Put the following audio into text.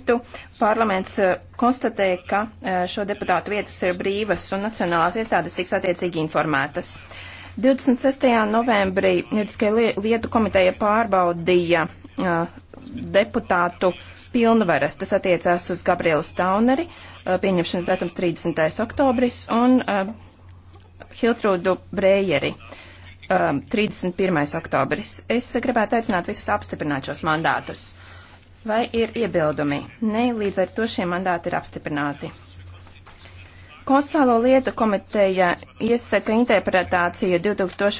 aktu, parlaments eh, konstatē, ka eh, šo deputātu vietas ir brīvas un nacionālās iestādes tiks attiecīgi informētas. 26. novembrī Juridiskajā lietu komiteja pārbaudīja eh, deputātu pilnvaras. Tas attiecās uz Gabrielu Stauneri, pieņemšanas datums 30. oktobris, un Hiltrūdu Brējeri. 31. oktobris. Es gribētu aicināt visus apstiprināt šos mandātus. Uh, Vai ir iebildumi? Nē, līdz ar to šie mandāti ir apstiprināti. Konstitucionālo lietu komiteja iesaka interpretāciju 2000.